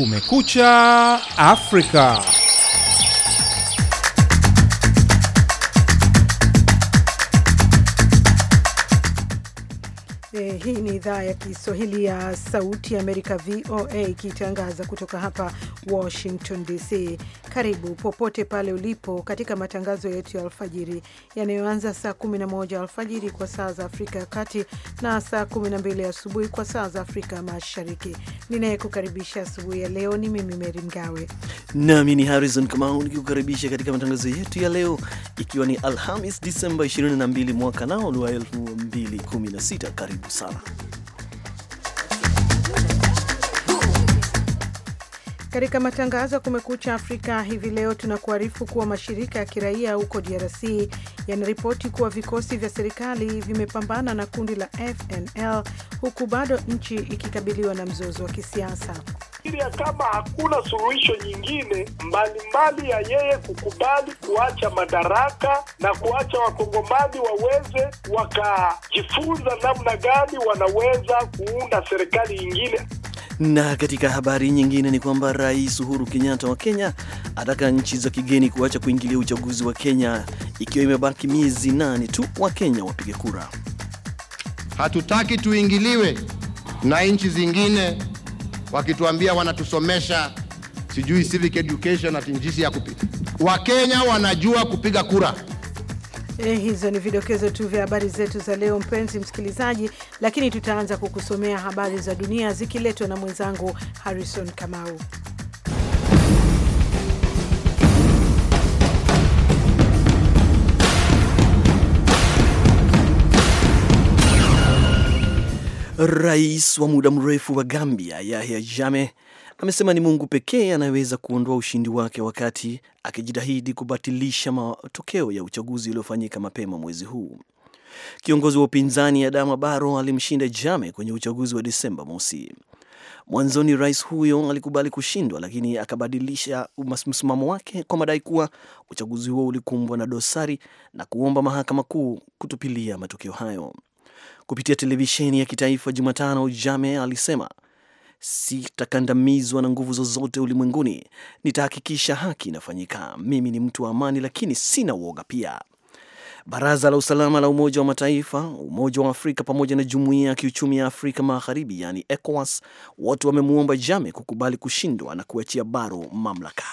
Kumekucha Afrika. Eh, hii ni idhaa ya Kiswahili ya Sauti ya Amerika, VOA, ikitangaza kutoka hapa Washington DC. Karibu popote pale ulipo katika matangazo yetu ya alfajiri yanayoanza saa 11 alfajiri kwa saa za Afrika ya Kati na saa 12 asubuhi kwa saa za Afrika Mashariki. Ninayekukaribisha asubuhi ya leo ni mimi Meri Mgawe nami ni Harrison Kamau nikikukaribisha katika matangazo yetu ya leo, ikiwa ni Alhamis Disemba 22 mwaka nao wa 2016. Karibu sana Katika matangazo ya Kumekucha Afrika hivi leo, tunakuarifu kuwa mashirika ya kiraia huko DRC yanaripoti kuwa vikosi vya serikali vimepambana na kundi la FNL huku bado nchi ikikabiliwa na mzozo wa kisiasa ya kama hakuna suluhisho nyingine mbalimbali ya yeye kukubali kuacha madaraka na kuacha wakongomani waweze wakajifunza namna gani wanaweza kuunda serikali nyingine. Na katika habari nyingine ni kwamba Rais Uhuru Kenyatta wa Kenya ataka nchi za kigeni kuacha kuingilia uchaguzi wa Kenya ikiwa imebaki miezi nane tu wa Kenya wapige kura. Hatutaki tuingiliwe na nchi zingine wakituambia wanatusomesha sijui civic education na jinsi ya kupiga. Wakenya wanajua kupiga kura. Eh, hizo ni vidokezo tu vya habari zetu za leo, mpenzi msikilizaji, lakini tutaanza kukusomea habari za dunia zikiletwa na mwenzangu Harrison Kamau. Rais wa muda mrefu wa Gambia Yahya Jammeh amesema ni Mungu pekee anayeweza kuondoa ushindi wake wakati akijitahidi kubatilisha matokeo ya uchaguzi uliofanyika mapema mwezi huu. Kiongozi wa upinzani Adama Barrow alimshinda Jame kwenye uchaguzi wa Desemba mosi. Mwanzoni rais huyo alikubali kushindwa, lakini akabadilisha msimamo wake kwa madai kuwa uchaguzi huo ulikumbwa na dosari na kuomba mahakama kuu kutupilia matokeo hayo. Kupitia televisheni ya kitaifa Jumatano, Jame alisema Sitakandamizwa na nguvu zozote ulimwenguni. Nitahakikisha haki inafanyika. Mimi ni mtu wa amani, lakini sina uoga pia. Baraza la Usalama la Umoja wa Mataifa, Umoja wa Afrika pamoja na Jumuiya ya Kiuchumi ya Afrika Magharibi, yaani ECOWAS, wote wamemwomba Jame kukubali kushindwa na kuachia Baro mamlaka.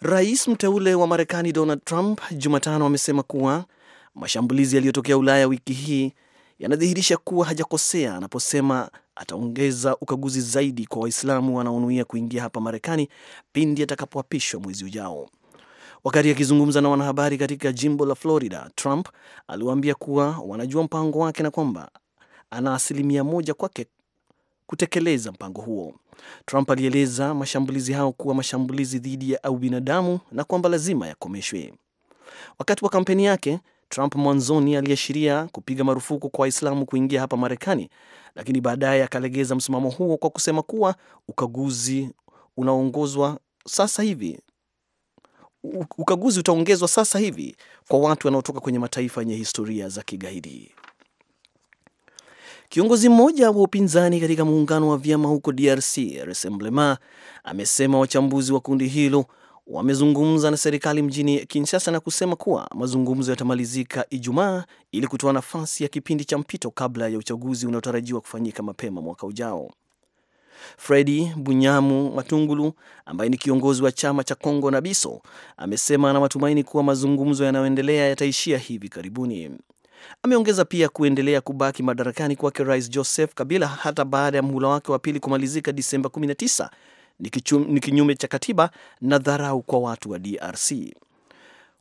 Rais mteule wa Marekani Donald Trump Jumatano amesema kuwa mashambulizi yaliyotokea Ulaya wiki hii yanadhihirisha kuwa hajakosea anaposema ataongeza ukaguzi zaidi kwa Waislamu wanaonuia kuingia hapa Marekani pindi atakapoapishwa mwezi ujao. Wakati akizungumza na wanahabari katika jimbo la Florida, Trump aliwaambia kuwa wanajua mpango wake na kwamba ana asilimia moja kwake kutekeleza mpango huo. Trump alieleza mashambulizi hao kuwa mashambulizi dhidi ya ubinadamu na kwamba lazima yakomeshwe. Wakati wa kampeni yake Trump mwanzoni aliashiria kupiga marufuku kwa Waislamu kuingia hapa Marekani, lakini baadaye akalegeza msimamo huo kwa kusema kuwa ukaguzi unaongozwa sasa hivi ukaguzi utaongezwa sasa hivi kwa watu wanaotoka kwenye mataifa yenye historia za kigaidi. Kiongozi mmoja wa upinzani katika muungano wa vyama huko DRC, Rassemblement, amesema wachambuzi wa kundi hilo wamezungumza na serikali mjini Kinshasa na kusema kuwa mazungumzo yatamalizika Ijumaa ili kutoa nafasi ya kipindi cha mpito kabla ya uchaguzi unaotarajiwa kufanyika mapema mwaka ujao. Fredi Bunyamu Matungulu ambaye ni kiongozi wa chama cha Kongo na Biso amesema ana matumaini kuwa mazungumzo yanayoendelea yataishia hivi karibuni. Ameongeza pia kuendelea kubaki madarakani kwake Rais Joseph Kabila hata baada ya muhula wake wa pili kumalizika Disemba 19 ni kinyume cha katiba na dharau kwa watu wa DRC.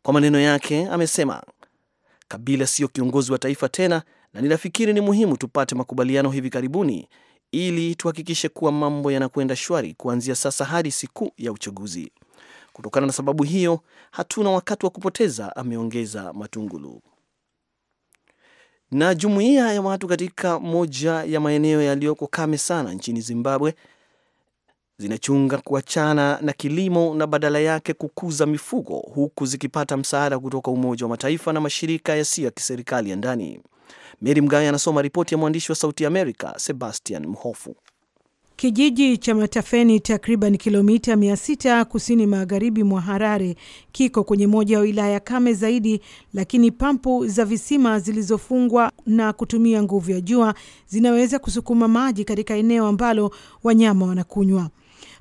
Kwa maneno yake amesema, Kabila siyo kiongozi wa taifa tena, na ninafikiri ni muhimu tupate makubaliano hivi karibuni ili tuhakikishe kuwa mambo yanakwenda shwari kuanzia sasa hadi siku ya uchaguzi. Kutokana na sababu hiyo, hatuna wakati wa kupoteza, ameongeza Matungulu. Na jumuiya ya watu katika moja ya maeneo yaliyoko kame sana nchini Zimbabwe zinachunga kuachana na kilimo na badala yake kukuza mifugo huku zikipata msaada kutoka Umoja wa Mataifa na mashirika yasiyo ya kiserikali ya ndani. Meri Mgawe anasoma ripoti ya mwandishi wa Sauti Amerika Sebastian Mhofu. Kijiji cha Matafeni, takriban kilomita 600 kusini magharibi mwa Harare, kiko kwenye moja ya wilaya kame zaidi, lakini pampu za visima zilizofungwa na kutumia nguvu ya jua zinaweza kusukuma maji katika eneo ambalo wanyama wanakunywa.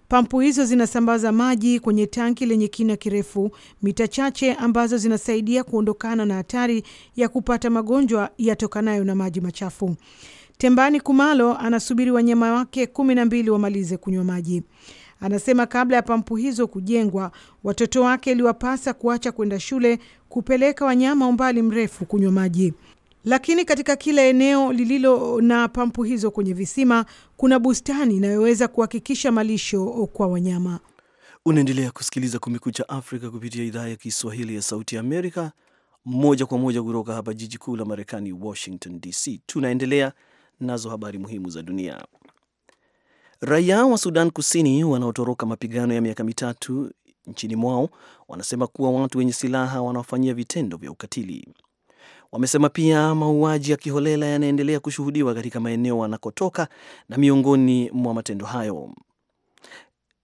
Pampu hizo zinasambaza maji kwenye tanki lenye kina kirefu mita chache ambazo zinasaidia kuondokana na hatari ya kupata magonjwa yatokanayo na maji machafu. Tembani Kumalo anasubiri wanyama wake kumi na mbili wamalize kunywa maji. Anasema kabla ya pampu hizo kujengwa, watoto wake iliwapasa kuacha kwenda shule kupeleka wanyama umbali mrefu kunywa maji. Lakini katika kila eneo lililo na pampu hizo kwenye visima kuna bustani inayoweza kuhakikisha malisho kwa wanyama. Unaendelea kusikiliza Kumekucha Afrika kupitia idhaa ya Kiswahili ya Sauti ya Amerika, moja kwa moja kutoka hapa jiji kuu la Marekani, Washington DC. Tunaendelea nazo habari muhimu za dunia. Raia wa Sudan Kusini wanaotoroka mapigano ya miaka mitatu nchini mwao wanasema kuwa watu wenye silaha wanaofanyia vitendo vya ukatili. Wamesema pia mauaji ya kiholela yanaendelea kushuhudiwa katika maeneo wanakotoka na miongoni mwa matendo hayo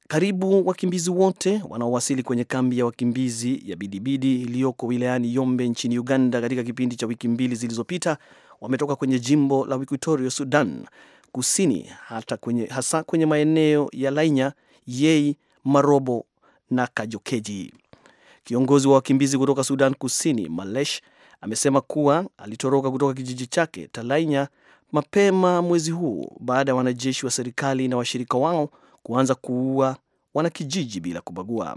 karibu wakimbizi wote wanaowasili kwenye kambi ya wakimbizi ya Bidibidi iliyoko wilayani Yombe nchini Uganda katika kipindi cha wiki mbili zilizopita wametoka kwenye jimbo la Equatoria, Sudan Kusini, hata kwenye, hasa kwenye maeneo ya Lainya, Yei, Marobo na Kajokeji. Kiongozi wa wakimbizi kutoka Sudan Kusini, Malesh amesema kuwa alitoroka kutoka kijiji chake Talainya mapema mwezi huu baada ya wanajeshi wa serikali na washirika wao kuanza kuua wanakijiji bila kubagua.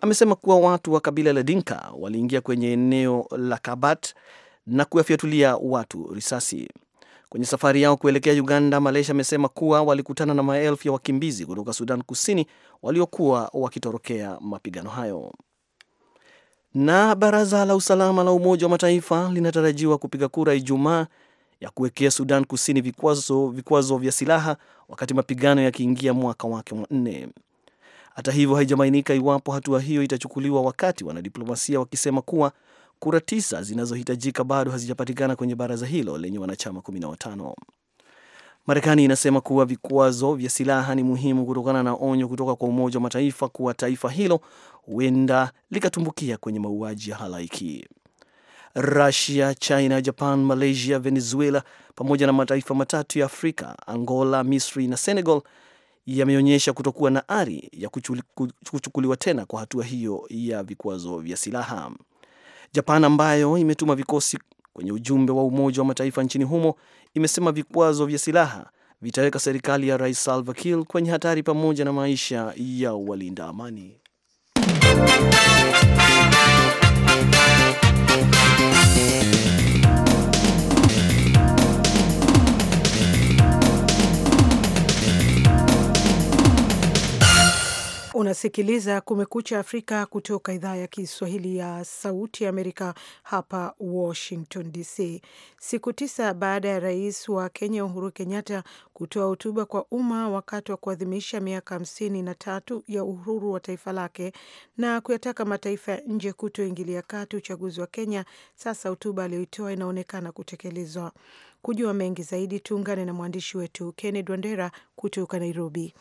Amesema kuwa watu wa kabila la Dinka waliingia kwenye eneo la Kabat na kuyafyatulia watu risasi. Kwenye safari yao kuelekea Uganda, Malaysia amesema kuwa walikutana na maelfu ya wakimbizi kutoka Sudan Kusini waliokuwa wakitorokea mapigano hayo. Na baraza la usalama la Umoja wa Mataifa linatarajiwa kupiga kura Ijumaa ya kuwekea Sudan Kusini vikwazo, vikwazo vya silaha wakati mapigano yakiingia mwaka wake wa nne. Hata hivyo, haijabainika iwapo hatua hiyo itachukuliwa, wakati wanadiplomasia wakisema kuwa kura tisa zinazohitajika bado hazijapatikana kwenye baraza hilo lenye wanachama 15. Marekani inasema kuwa vikwazo vya silaha ni muhimu kutokana na onyo kutoka kwa Umoja wa Mataifa kuwa taifa hilo huenda likatumbukia kwenye mauaji ya halaiki. Russia, China, Japan, Malaysia, Venezuela pamoja na mataifa matatu ya Afrika, Angola, Misri na Senegal yameonyesha kutokuwa na ari ya kuchukuliwa tena kwa hatua hiyo ya vikwazo vya silaha. Japan ambayo imetuma vikosi kwenye ujumbe wa Umoja wa Mataifa nchini humo imesema vikwazo vya silaha vitaweka serikali ya Rais Salva Kiir kwenye hatari pamoja na maisha ya walinda amani. Unasikiliza Kumekucha Afrika kutoka idhaa ya Kiswahili ya Sauti ya Amerika, hapa Washington DC. Siku tisa baada ya rais wa Kenya Uhuru Kenyatta kutoa hotuba kwa umma wakati wa kuadhimisha miaka hamsini na tatu ya uhuru wa taifa lake na kuyataka mataifa ya nje kutoingilia kati uchaguzi wa Kenya, sasa hotuba aliyoitoa inaonekana kutekelezwa. Kujua mengi zaidi, tuungane na mwandishi wetu kenned Wandera kutoka Nairobi.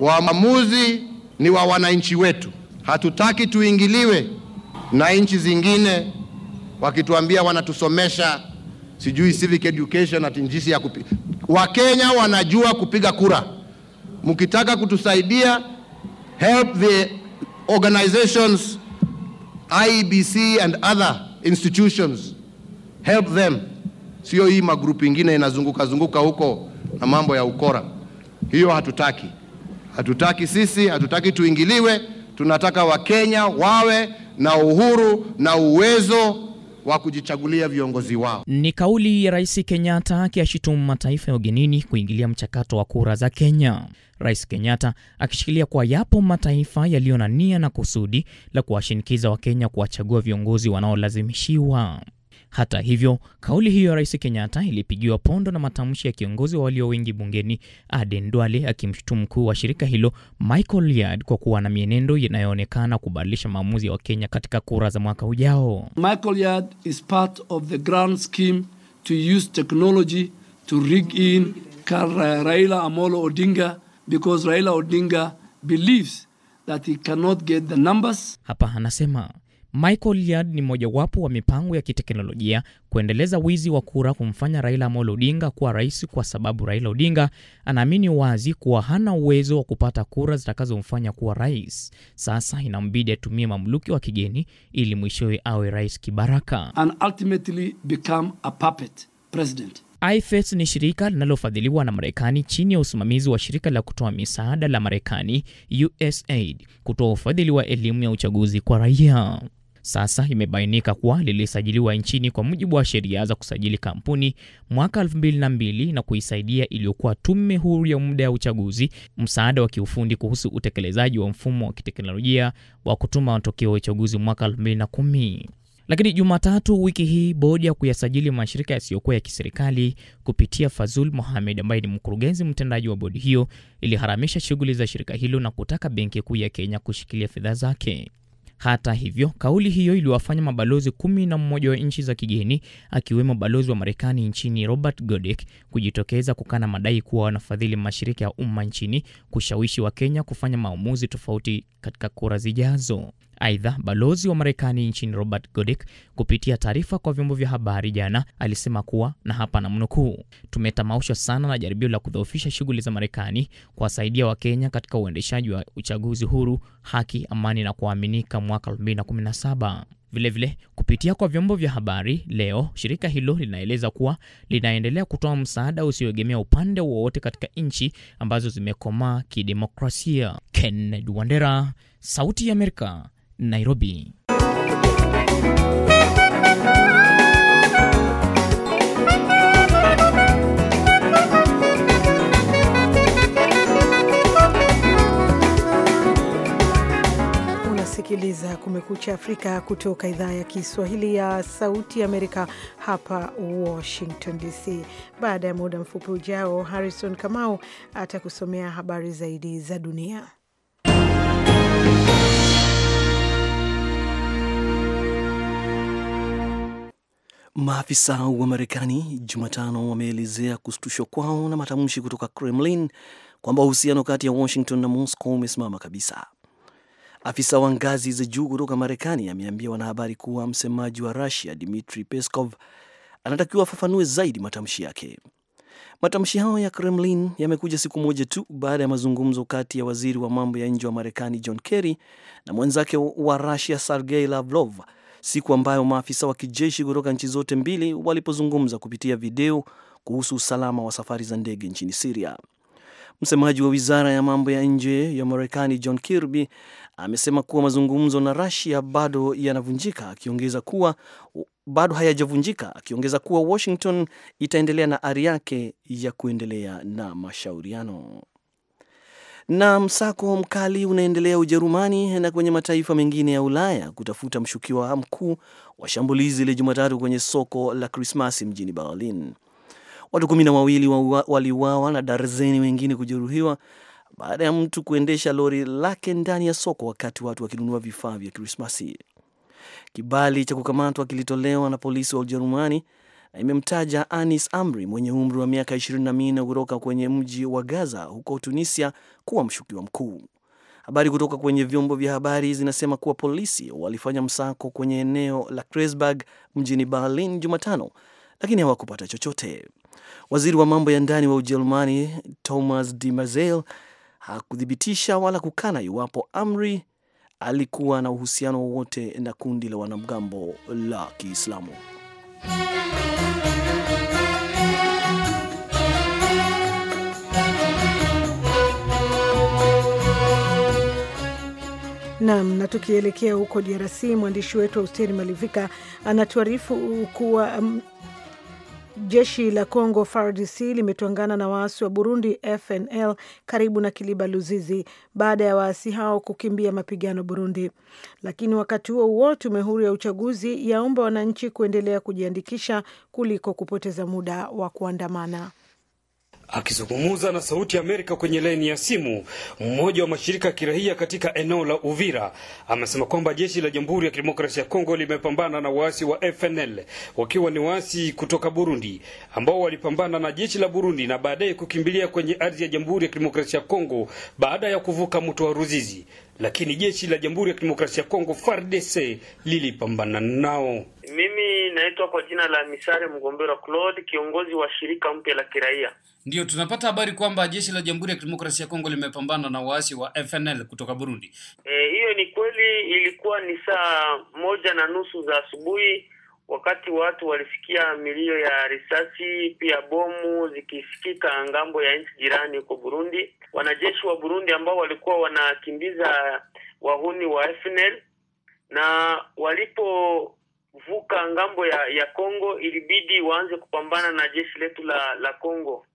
Waamuzi ni wa wananchi wetu. Hatutaki tuingiliwe na nchi zingine wakituambia wanatusomesha sijui civic education ati jinsi ya kupiga. Wakenya wanajua kupiga kura. Mkitaka kutusaidia, help the organizations IBC and other institutions, help them. Sio hii magrupu ingine inazunguka zunguka huko na mambo ya ukora, hiyo hatutaki. Hatutaki sisi, hatutaki tuingiliwe. Tunataka Wakenya wawe na uhuru na uwezo wa kujichagulia viongozi wao. Ni kauli ya Rais Kenyatta akiashitumu mataifa ya ugenini kuingilia mchakato wa kura za Kenya. Rais Kenyatta akishikilia kuwa yapo mataifa yaliyo na nia na kusudi la kuwashinikiza Wakenya kuwachagua viongozi wanaolazimishiwa. Hata hivyo, kauli hiyo ya Rais Kenyatta ilipigiwa pondo na matamshi ya kiongozi wa walio wengi bungeni Aden Duale akimshutumu mkuu wa shirika hilo Michael Yard kwa kuwa na mienendo inayoonekana kubadilisha maamuzi ya Wakenya katika kura za mwaka ujao. Michael is part of the grand scheme to use technology to rig in Raila Amolo Odinga because Raila Odinga believes that he cannot get the numbers. Hapa anasema Michael Liard ni mojawapo wa mipango ya kiteknolojia kuendeleza wizi wa kura kumfanya Raila Amolo Odinga kuwa rais, kwa sababu Raila Odinga anaamini wazi kuwa hana uwezo wa kupata kura zitakazomfanya kuwa rais. Sasa inambidi atumie mamluki wa kigeni ili mwishowe awe rais kibaraka And ultimately become a puppet president. IFES ni shirika linalofadhiliwa na Marekani chini ya usimamizi wa shirika la kutoa misaada la Marekani USAID kutoa ufadhili wa elimu ya uchaguzi kwa raia. Sasa imebainika kuwa lilisajiliwa nchini kwa mujibu wa sheria za kusajili kampuni mwaka 2002 na kuisaidia iliyokuwa Tume Huru ya Muda ya Uchaguzi msaada wa kiufundi kuhusu utekelezaji wa mfumo wa kiteknolojia wa kutuma matokeo ya uchaguzi mwaka 2010. Lakini Jumatatu wiki hii bodi ya kuyasajili mashirika yasiyokuwa ya kiserikali kupitia Fazul Mohamed ambaye ni mkurugenzi mtendaji wa bodi hiyo iliharamisha shughuli za shirika hilo na kutaka Benki Kuu ya Kenya kushikilia fedha zake. Hata hivyo, kauli hiyo iliwafanya mabalozi kumi na mmoja wa nchi za kigeni akiwemo balozi wa Marekani nchini Robert Godek kujitokeza kukana madai kuwa wanafadhili mashirika ya umma nchini kushawishi Wakenya kufanya maamuzi tofauti katika kura zijazo. Aidha, balozi wa Marekani nchini Robert godik kupitia taarifa kwa vyombo vya habari jana alisema kuwa na hapa na mnukuu tumetamaushwa sana na jaribio la kudhoofisha shughuli za Marekani kuwasaidia Wakenya katika uendeshaji wa uchaguzi huru, haki, amani na kuaminika mwaka 2017. Vilevile vile, kupitia kwa vyombo vya habari leo, shirika hilo linaeleza kuwa linaendelea kutoa msaada usioegemea upande wowote katika nchi ambazo zimekomaa kidemokrasia. Kennedy Wandera, Sauti ya Amerika, Nairobi. Unasikiliza Kumekucha Afrika kutoka idhaa ya Kiswahili ya Sauti Amerika hapa Washington DC. Baada ya muda mfupi ujao, Harrison Kamau atakusomea habari zaidi za dunia. Maafisa wa Marekani Jumatano wameelezea kustushwa kwao na matamshi kutoka Kremlin kwamba uhusiano kati ya Washington na Moscow umesimama kabisa. Afisa wa ngazi za juu kutoka Marekani ameambia wanahabari kuwa msemaji wa Rusia Dmitri Peskov anatakiwa afafanue zaidi matamshi yake. Matamshi hayo ya Kremlin yamekuja siku moja tu baada ya mazungumzo kati ya waziri wa mambo ya nje wa Marekani John Kerry na mwenzake wa Rusia Sergei Lavrov siku ambayo maafisa wa kijeshi kutoka nchi zote mbili walipozungumza kupitia video kuhusu usalama wa safari za ndege nchini Siria. Msemaji wa wizara ya mambo ya nje ya Marekani John Kirby amesema kuwa mazungumzo na rasia bado yanavunjika, akiongeza kuwa bado hayajavunjika, akiongeza kuwa Washington itaendelea na ari yake ya kuendelea na mashauriano. Na msako mkali unaendelea Ujerumani na kwenye mataifa mengine ya Ulaya kutafuta mshukiwa mkuu wa shambulizi la Jumatatu kwenye soko la Krismasi mjini Berlin. Watu kumi na wawili waliuawa na darzeni wengine kujeruhiwa baada ya mtu kuendesha lori lake ndani ya soko wakati watu wakinunua vifaa vya Krismasi. Kibali cha kukamatwa kilitolewa na polisi wa Ujerumani na imemtaja Anis Amri mwenye umri wa miaka 24 kutoka kwenye mji wa Gaza huko Tunisia kuwa mshukiwa mkuu. Habari kutoka kwenye vyombo vya habari zinasema kuwa polisi walifanya msako kwenye eneo la Kreuzberg mjini Berlin Jumatano, lakini hawakupata chochote. Waziri wa mambo ya ndani wa Ujerumani Thomas de Mazel hakuthibitisha wala kukana iwapo Amri alikuwa na uhusiano wowote na kundi la wanamgambo la Kiislamu. Nam, na tukielekea huko DRC, mwandishi wetu Austeri Malivika anatuarifu kuwa um, Jeshi la Congo FARDC limetwangana na waasi wa Burundi FNL karibu na Kiliba Luzizi baada ya waasi hao kukimbia mapigano Burundi. Lakini wakati huo huo, tume huru ya uchaguzi yaomba wananchi kuendelea kujiandikisha kuliko kupoteza muda wa kuandamana. Akizungumza na Sauti ya Amerika kwenye laini ya simu, mmoja wa mashirika ya kiraia katika eneo la Uvira amesema kwamba jeshi la Jamhuri ya Kidemokrasia ya Kongo limepambana na waasi wa FNL wakiwa ni waasi kutoka Burundi ambao walipambana na jeshi la Burundi na baadaye kukimbilia kwenye ardhi ya Jamhuri ya Kidemokrasia ya Kongo baada ya kuvuka mto wa Ruzizi lakini jeshi la Jamhuri ya Kidemokrasia ya Kongo FARDC lilipambana nao. Mimi naitwa kwa jina la Misare Mgombera Claude, kiongozi wa shirika mpya la kiraia. Ndiyo tunapata habari kwamba jeshi la Jamhuri ya Kidemokrasia ya Kongo limepambana na waasi wa FNL kutoka Burundi. Eh, hiyo e, ni kweli. Ilikuwa ni saa moja na nusu za asubuhi wakati watu walisikia milio ya risasi pia bomu zikisikika ngambo ya nchi jirani huko Burundi. Wanajeshi wa Burundi ambao walikuwa wanakimbiza wahuni wa FNL na walipovuka ngambo ya ya Kongo, ilibidi waanze kupambana na jeshi letu la la Kongo.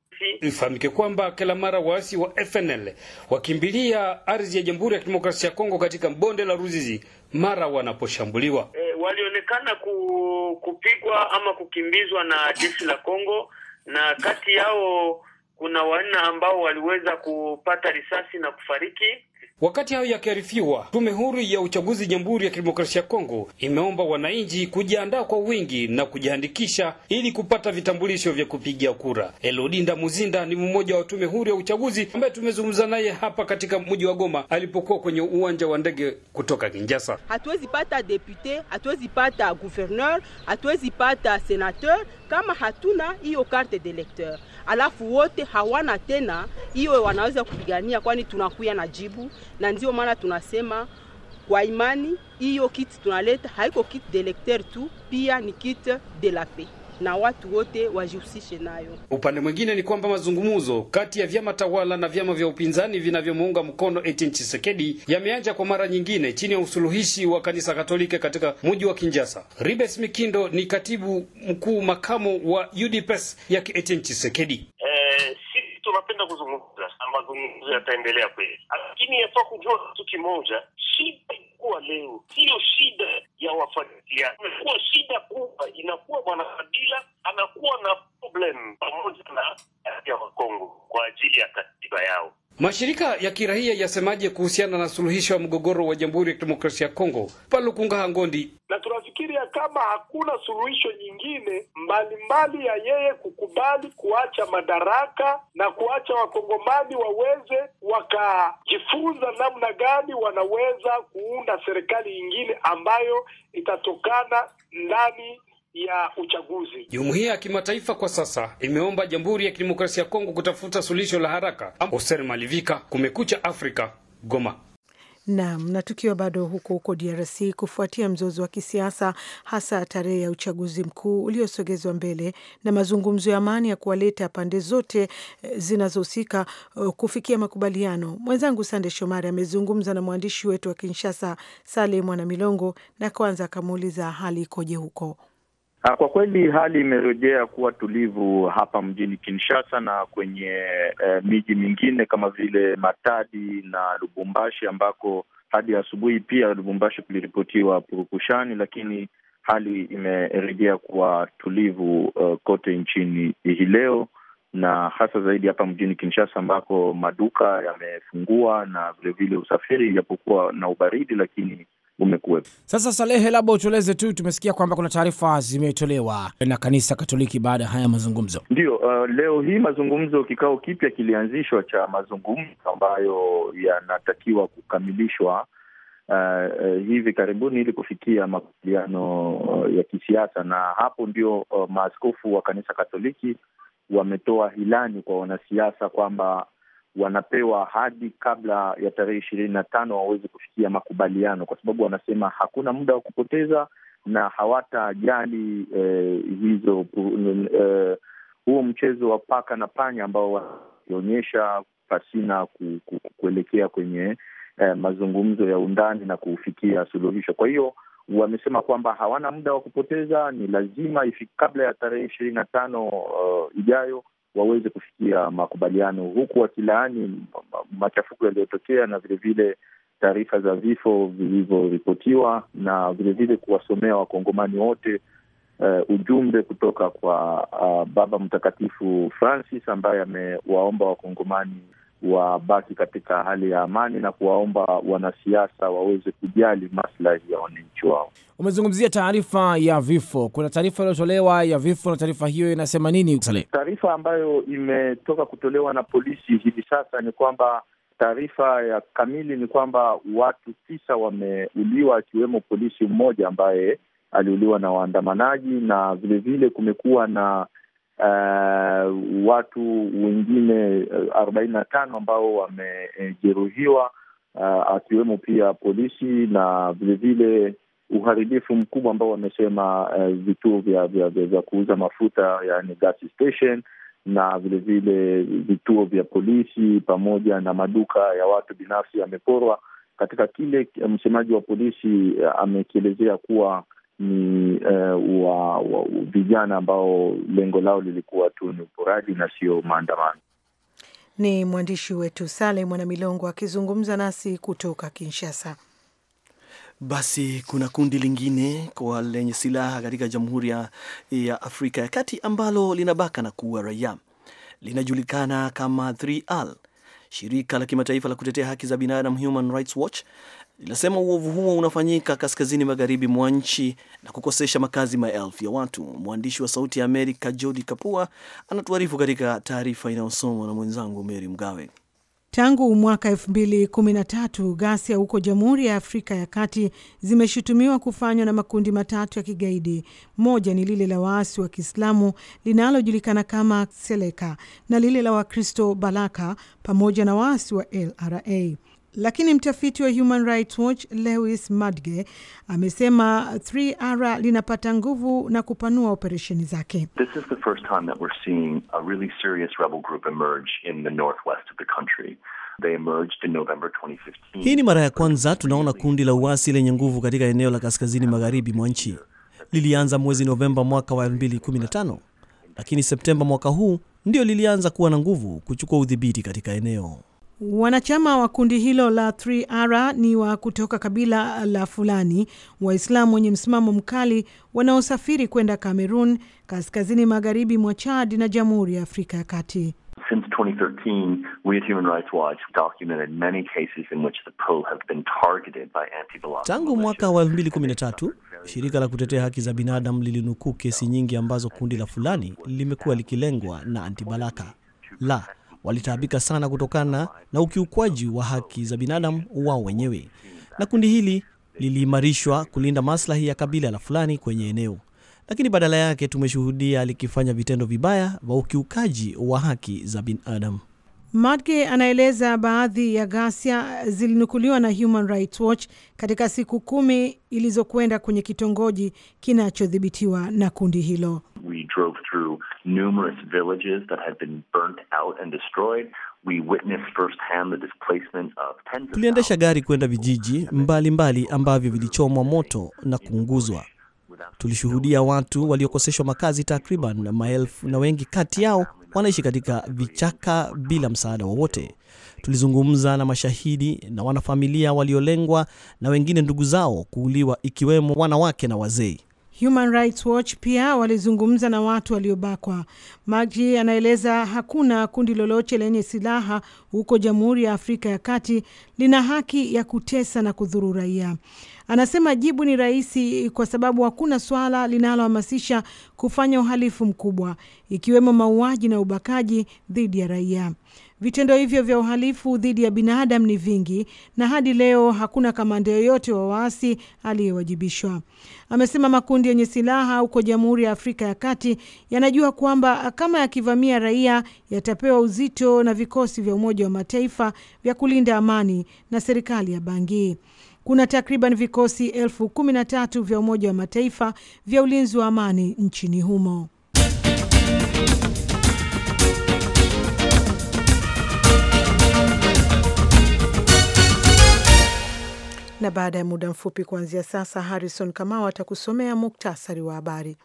Ifahamike kwamba kila mara waasi wa FNL wakimbilia ardhi ya Jamhuri ya Kidemokrasia ya Kongo katika bonde la Ruzizi mara wanaposhambuliwa. E, walionekana ku, kupigwa ama kukimbizwa na jeshi la Kongo, na kati yao kuna wanne ambao waliweza kupata risasi na kufariki Wakati hayo yakiarifiwa, tume huru ya uchaguzi Jamhuri ya Kidemokrasia ya Kongo imeomba wananchi kujiandaa kwa wingi na kujiandikisha ili kupata vitambulisho vya kupigia kura. Elodinda Muzinda ni mmoja wa tume huru ya uchaguzi ambaye tumezungumza naye hapa katika mji wa Goma alipokuwa kwenye uwanja wa ndege kutoka kinjasa Hatuwezi pata depute, hatuwezi pata gouverneur, hatuwezi pata senateur kama hatuna hiyo carte d'electeur alafu wote hawana tena hiyo wanaweza kupigania, kwani tunakuya na jibu, na ndio maana tunasema kwa imani hiyo kit tunaleta haiko kit de tu, pia ni kit de la paix na watu wote wajihusishe nayo. Upande mwingine ni kwamba mazungumzo kati ya vyama tawala na vyama vya upinzani vinavyomuunga mkono Etienne Tshisekedi yameanza kwa mara nyingine chini ya usuluhishi wa kanisa Katolike katika mji wa Kinshasa. Ribes Mikindo ni katibu mkuu makamo wa UDPS ya Etienne Tshisekedi. Eh, tunapenda kuzungumza, mazungumzo yataendelea kweli, lakini yafaa kujua kitu kimoja, shida ilikuwa leo, hiyo shida ya wafanyakazi. Imekuwa shida kubwa, inakuwa bwana Kabila anakuwa na problem pamoja na ya Wakongo kwa ajili ya katiba yao. Mashirika ya kiraia yasemaje kuhusiana na suluhisho ya mgogoro wa Jamhuri ya Kidemokrasia ya Kongo? Palukunga Hangondi: na tunafikiria kama hakuna suluhisho nyingine mbalimbali ya yeye kukubali kuacha madaraka na kuacha wakongomani waweze wakajifunza namna gani wanaweza kuunda serikali nyingine ambayo itatokana ndani ya uchaguzi. Jumuiya ya kimataifa kwa sasa imeomba Jamhuri ya Kidemokrasia ya Kongo kutafuta suluhisho la haraka. Hoser Malivika, Kumekucha Afrika, Goma. Naam, na tukiwa bado huko huko DRC, kufuatia mzozo wa kisiasa hasa tarehe ya uchaguzi mkuu uliosogezwa mbele na mazungumzo ya amani ya kuwaleta pande zote eh, zinazohusika eh, kufikia makubaliano, mwenzangu Sande Shomari amezungumza na mwandishi wetu wa Kinshasa, Sale Mwana Milongo, na kwanza akamuuliza hali ikoje huko. Ah, kwa kweli hali imerejea kuwa tulivu hapa mjini Kinshasa na kwenye eh, miji mingine kama vile Matadi na Lubumbashi, ambako hadi asubuhi pia Lubumbashi kuliripotiwa purukushani, lakini hali imerejea kuwa tulivu uh, kote nchini hii leo, na hasa zaidi hapa mjini Kinshasa ambako maduka yamefungua na vilevile usafiri, ijapokuwa na ubaridi, lakini umekuwepo. Sasa Salehe, labda utueleze tu, tumesikia kwamba kuna taarifa zimetolewa na kanisa Katoliki baada ya haya mazungumzo. ndio uh, leo hii mazungumzo, kikao kipya kilianzishwa cha mazungumzo ambayo yanatakiwa kukamilishwa Uh, uh hivi karibuni ili kufikia makubaliano uh, ya kisiasa, na hapo ndio uh, maaskofu wa kanisa Katoliki wametoa hilani kwa wanasiasa kwamba wanapewa hadi kabla ya tarehe ishirini na tano waweze kufikia makubaliano, kwa sababu wanasema hakuna muda wa kupoteza na hawatajali eh, hizo eh, huo mchezo wa paka na panya ambao wanaonyesha pasina ku, ku, kuelekea kwenye eh, mazungumzo ya undani na kufikia suluhisho. Kwa hiyo wamesema kwamba hawana muda wa kupoteza, ni lazima ifi kabla ya tarehe ishirini na tano uh, ijayo waweze kufikia makubaliano, huku wakilaani machafuko yaliyotokea na vilevile taarifa za vifo vilivyoripotiwa na vilevile kuwasomea wakongomani wote uh, ujumbe kutoka kwa uh, Baba Mtakatifu Francis ambaye amewaomba wakongomani wabaki katika hali ya amani na kuwaomba wanasiasa waweze kujali maslahi ya wananchi wao. Umezungumzia taarifa ya vifo, kuna taarifa iliyotolewa ya vifo, na taarifa hiyo inasema nini? Taarifa ambayo imetoka kutolewa na polisi hivi sasa ni kwamba taarifa ya kamili ni kwamba watu tisa wameuliwa, akiwemo polisi mmoja ambaye aliuliwa na waandamanaji, na vilevile kumekuwa na uh, watu wengine uh, arobaini na tano ambao wamejeruhiwa uh, akiwemo pia polisi na vilevile uharibifu mkubwa ambao wamesema uh, vituo vya, vya, vya, vya kuuza mafuta yani gas station na vilevile vile vituo vya polisi pamoja na maduka ya watu binafsi yameporwa. Katika kile uh, msemaji wa polisi uh, amekielezea kuwa ni uh, wa, wa vijana ambao lengo lao lilikuwa tu ni uporaji na sio maandamano. Ni mwandishi wetu Sale Mwanamilongo akizungumza nasi kutoka Kinshasa. Basi kuna kundi lingine kwa lenye silaha katika Jamhuri ya Afrika ya Kati ambalo linabaka na kuua raia linajulikana kama 3R Shirika la kimataifa la kutetea haki za binadamu Human Rights Watch linasema uovu huo unafanyika kaskazini magharibi mwa nchi na kukosesha makazi maelfu ya watu. Mwandishi wa Sauti ya Amerika Jodi Kapua anatuarifu katika taarifa inayosomwa na mwenzangu mary Mgawe. Tangu mwaka 2013 ghasia huko Jamhuri ya Afrika ya Kati zimeshutumiwa kufanywa na makundi matatu ya kigaidi. Moja ni lile la waasi wa Kiislamu linalojulikana kama Seleka na lile la Wakristo Balaka pamoja na waasi wa LRA. Lakini mtafiti wa Human Rights Watch Lewis Madge amesema 3R linapata nguvu na kupanua operesheni zake. Hii ni mara ya kwanza tunaona kundi la uasi lenye nguvu katika eneo la kaskazini magharibi mwa nchi. Lilianza mwezi Novemba mwaka wa 2015, lakini Septemba mwaka huu ndio lilianza kuwa na nguvu kuchukua udhibiti katika eneo. Wanachama wa kundi hilo la 3R ni wa kutoka kabila la Fulani, Waislamu wenye msimamo mkali wanaosafiri kwenda Cameroon, kaskazini magharibi mwa Chad na Jamhuri ya Afrika ya Kati. Since 2013, we at Human Rights Watch documented many cases in which the PRO have been targeted by anti-Balaka. Tangu mwaka wa 2013, shirika la kutetea haki za binadamu lilinukuu kesi nyingi ambazo kundi la Fulani limekuwa likilengwa na anti-Balaka. La, walitaabika sana kutokana na ukiukwaji wa haki za binadamu wao wenyewe, na kundi hili liliimarishwa kulinda maslahi ya kabila la fulani kwenye eneo, lakini badala yake tumeshuhudia likifanya vitendo vibaya vya ukiukaji wa haki za binadamu. Madge anaeleza baadhi ya ghasia zilinukuliwa na Human Rights Watch katika siku kumi ilizokwenda kwenye kitongoji kinachodhibitiwa na kundi hilo. We drove through numerous villages that had been burnt out and destroyed. We witnessed firsthand the displacement of tens of tuliendesha gari kwenda vijiji mbalimbali ambavyo vilichomwa moto na kuunguzwa. Tulishuhudia watu waliokoseshwa makazi takriban maelfu, na wengi kati yao wanaishi katika vichaka bila msaada wowote. Tulizungumza na mashahidi na wanafamilia waliolengwa na wengine ndugu zao kuuliwa, ikiwemo wanawake na wazee. Human Rights Watch pia walizungumza na watu waliobakwa. maji anaeleza hakuna kundi lolote lenye silaha huko Jamhuri ya Afrika ya Kati lina haki ya kutesa na kudhuru raia. Anasema jibu ni rahisi kwa sababu hakuna swala linalohamasisha kufanya uhalifu mkubwa ikiwemo mauaji na ubakaji dhidi ya raia. Vitendo hivyo vya uhalifu dhidi ya binadamu ni vingi na hadi leo hakuna kamanda yoyote wa waasi aliyewajibishwa, amesema. Makundi yenye silaha huko Jamhuri ya Afrika ya Kati yanajua kwamba kama yakivamia raia yatapewa uzito na vikosi vya Umoja wa Mataifa vya kulinda amani na serikali ya bangi Kuna takriban vikosi elfu kumi na tatu vya Umoja wa Mataifa vya ulinzi wa amani nchini humo. na baada ya muda mfupi kuanzia sasa, Harrison Kamau atakusomea muktasari wa habari.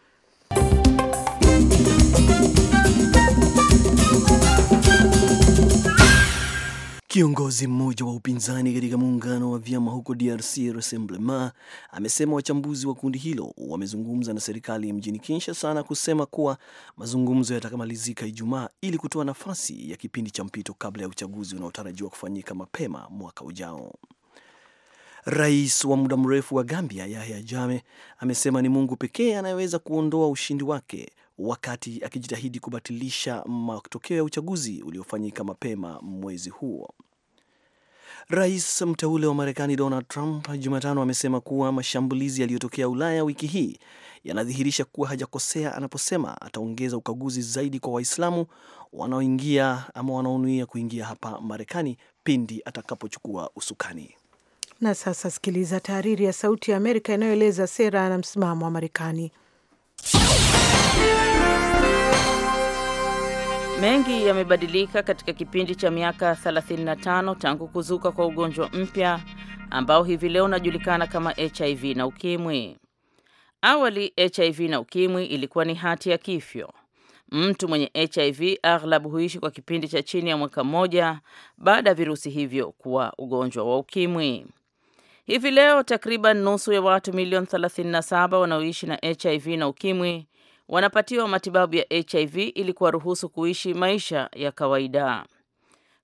Kiongozi mmoja wa upinzani katika muungano wa vyama huko DRC Rassemblement amesema wachambuzi wa kundi hilo wamezungumza na serikali mjini Kinshasa na kusema kuwa mazungumzo yatakamalizika Ijumaa ili kutoa nafasi ya kipindi cha mpito kabla ya uchaguzi unaotarajiwa kufanyika mapema mwaka ujao. Rais wa muda mrefu wa Gambia Yahya Jammeh amesema ni Mungu pekee anayeweza kuondoa ushindi wake wakati akijitahidi kubatilisha matokeo ya uchaguzi uliofanyika mapema mwezi huo. Rais mteule wa Marekani Donald Trump Jumatano amesema kuwa mashambulizi yaliyotokea Ulaya wiki hii yanadhihirisha kuwa hajakosea anaposema ataongeza ukaguzi zaidi kwa Waislamu wanaoingia ama wanaonuia kuingia hapa Marekani pindi atakapochukua usukani. Na sasa sikiliza tahariri ya Sauti ya Amerika inayoeleza sera na msimamo wa Marekani. Mengi yamebadilika katika kipindi cha miaka 35 tangu kuzuka kwa ugonjwa mpya ambao hivi leo unajulikana kama HIV na ukimwi. Awali HIV na ukimwi ilikuwa ni hati ya kifyo Mtu mwenye HIV aghlabu huishi kwa kipindi cha chini ya mwaka mmoja baada ya virusi hivyo kuwa ugonjwa wa ukimwi. Hivi leo takriban nusu ya watu milioni 37 wanaoishi na HIV na ukimwi wanapatiwa matibabu ya HIV ili kuwaruhusu kuishi maisha ya kawaida.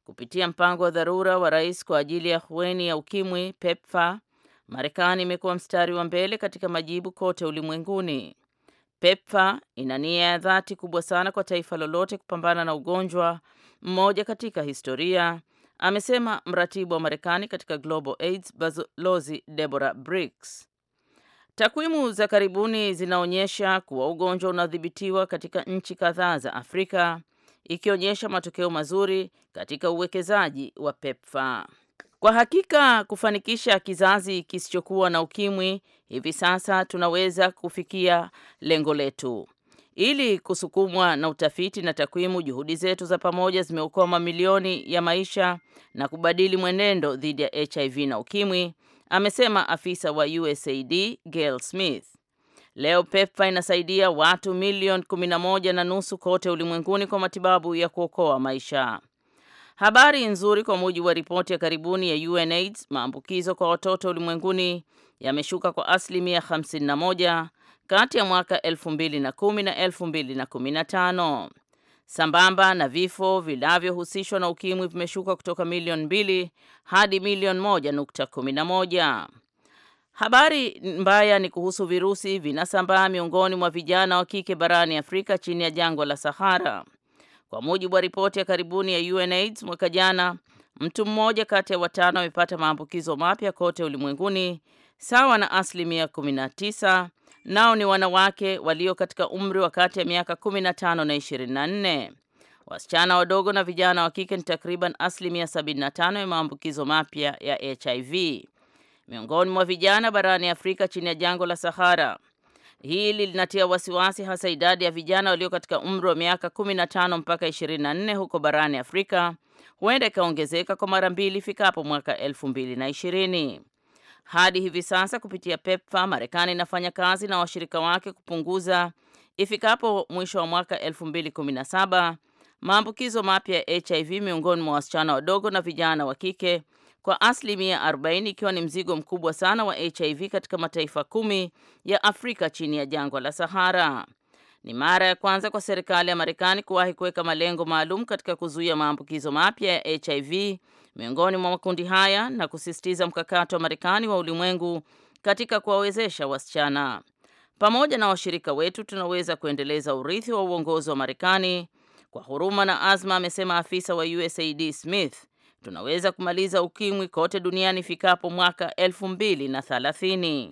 Kupitia mpango wa dharura wa rais kwa ajili ya hueni ya ukimwi pepfa Marekani imekuwa mstari wa mbele katika majibu kote ulimwenguni. pepfa ina nia ya dhati kubwa sana kwa taifa lolote kupambana na ugonjwa mmoja katika historia amesema mratibu wa Marekani katika Global AIDS Balozi Deborah Briks. Takwimu za karibuni zinaonyesha kuwa ugonjwa unadhibitiwa katika nchi kadhaa za Afrika, ikionyesha matokeo mazuri katika uwekezaji wa PEPFA. Kwa hakika kufanikisha kizazi kisichokuwa na ukimwi, hivi sasa tunaweza kufikia lengo letu. Ili kusukumwa na utafiti na takwimu, juhudi zetu za pamoja zimeokoa mamilioni ya maisha na kubadili mwenendo dhidi ya HIV na ukimwi, amesema afisa wa USAID Gail Smith. Leo pepfa inasaidia watu milioni kumi na moja na nusu kote ulimwenguni kwa matibabu ya kuokoa maisha. Habari nzuri, kwa mujibu wa ripoti ya karibuni ya UNAIDS, maambukizo kwa watoto ulimwenguni yameshuka kwa asilimia 51 kati ya mwaka 2010 na 2015. Sambamba na vifo vinavyohusishwa na ukimwi vimeshuka kutoka milioni mbili hadi milioni moja nukta kumi na moja. Habari mbaya ni kuhusu virusi vinasambaa miongoni mwa vijana wa kike barani Afrika chini ya jangwa la Sahara. Kwa mujibu wa ripoti ya karibuni ya UNAIDS mwaka jana, mtu mmoja kati ya watano amepata maambukizo mapya kote ulimwenguni, sawa na asilimia 19 nao ni wanawake walio katika umri wa kati ya miaka 15 na 24. Wasichana wadogo na vijana wa kike ni takriban asilimia 75 ya maambukizo mapya ya HIV miongoni mwa vijana barani Afrika chini ya jangwa la Sahara. Hili linatia wasiwasi, hasa idadi ya vijana walio katika umri wa miaka 15 mpaka 24 huko barani Afrika huenda ikaongezeka kwa mara mbili ifikapo mwaka 2020. Hadi hivi sasa kupitia PEPFA, Marekani inafanya kazi na washirika wake kupunguza ifikapo mwisho wa mwaka 2017 maambukizo mapya ya HIV miongoni mwa wasichana wadogo na vijana wa kike kwa asilimia 40 ikiwa ni mzigo mkubwa sana wa HIV katika mataifa kumi ya Afrika chini ya jangwa la Sahara. Ni mara ya kwanza kwa serikali ya Marekani kuwahi kuweka malengo maalum katika kuzuia maambukizo mapya ya HIV miongoni mwa makundi haya na kusisitiza mkakati wa Marekani wa ulimwengu katika kuwawezesha wasichana. Pamoja na washirika wetu tunaweza kuendeleza urithi wa uongozi wa Marekani kwa huruma na azma, amesema afisa wa USAID Smith. Tunaweza kumaliza ukimwi kote duniani ifikapo mwaka elfu mbili na thalathini.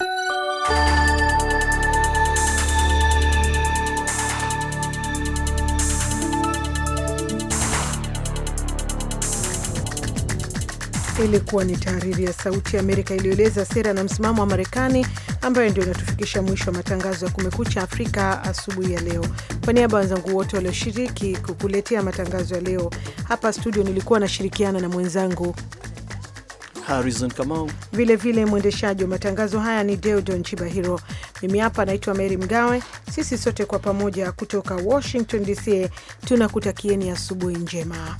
Ilikuwa ni tahariri ya Sauti ya Amerika iliyoeleza sera na msimamo wa Marekani, ambayo ndio inatufikisha mwisho wa matangazo ya Kumekucha Afrika asubuhi ya leo. Kwa niaba ya wenzangu wote walioshiriki kukuletea matangazo ya leo hapa studio, nilikuwa nashirikiana na mwenzangu Harrison Kamau. vilevile vile mwendeshaji wa matangazo haya ni Deodon Chibahiro. Mimi hapa naitwa Mary Mgawe. Sisi sote kwa pamoja kutoka Washington DC tunakutakieni asubuhi njema.